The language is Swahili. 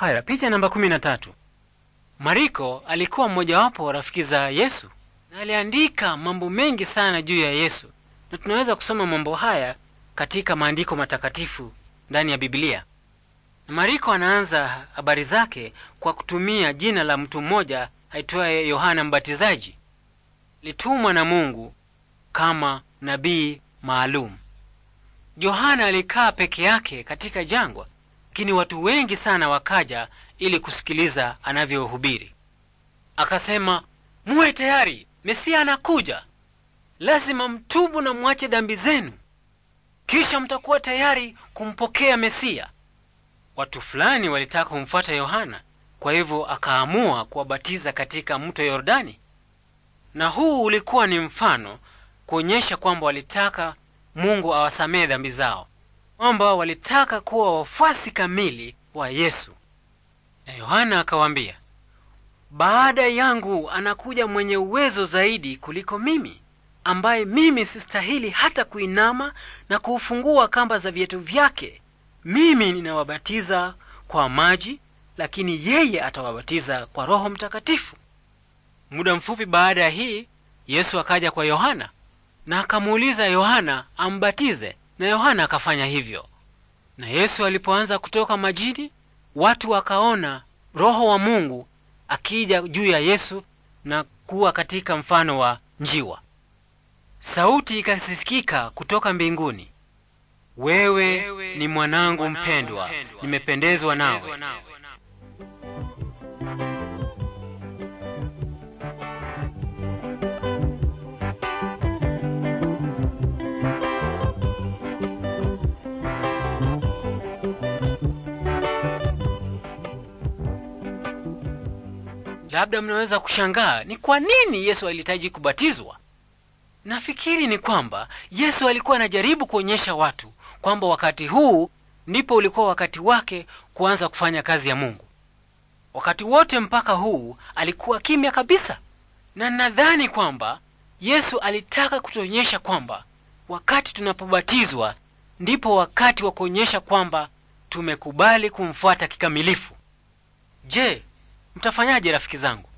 Haya, picha namba kumi na tatu. Mariko alikuwa mmojawapo wa rafiki za Yesu na aliandika mambo mengi sana juu ya Yesu, na tunaweza kusoma mambo haya katika maandiko matakatifu ndani ya Biblia. Mariko anaanza habari zake kwa kutumia jina la mtu mmoja aitwaye Yohana Mbatizaji, litumwa na Mungu kama nabii maalum. Yohana alikaa peke yake katika jangwa lakini watu wengi sana wakaja ili kusikiliza anavyohubiri. Akasema, muwe tayari, Mesia anakuja. Lazima mtubu na mwache dhambi zenu, kisha mtakuwa tayari kumpokea Mesia. Watu fulani walitaka kumfuata Yohana, kwa hivyo akaamua kuwabatiza katika mto Yordani, na huu ulikuwa ni mfano kuonyesha kwamba walitaka Mungu awasamehe dhambi zao kwamba walitaka kuwa wafuasi kamili wa Yesu, na Yohana akawaambia, baada yangu anakuja mwenye uwezo zaidi kuliko mimi, ambaye mimi sistahili hata kuinama na kuufungua kamba za viatu vyake. Mimi ninawabatiza kwa maji, lakini yeye atawabatiza kwa Roho Mtakatifu. Muda mfupi baada ya hii, Yesu akaja kwa Yohana na akamuuliza Yohana ambatize na Yohana akafanya hivyo. Na Yesu alipoanza kutoka majini, watu wakaona Roho wa Mungu akija juu ya Yesu na kuwa katika mfano wa njiwa. Sauti ikasikika kutoka mbinguni, wewe ni mwanangu mpendwa, nimependezwa nawe. Labda mnaweza kushangaa ni kwa nini Yesu alihitaji kubatizwa. Nafikiri ni kwamba Yesu alikuwa anajaribu kuonyesha watu kwamba wakati huu ndipo ulikuwa wakati wake kuanza kufanya kazi ya Mungu. Wakati wote mpaka huu alikuwa kimya kabisa, na nadhani kwamba Yesu alitaka kutuonyesha kwamba wakati tunapobatizwa ndipo wakati wa kuonyesha kwamba tumekubali kumfuata kikamilifu. Je, Mtafanyaje rafiki zangu?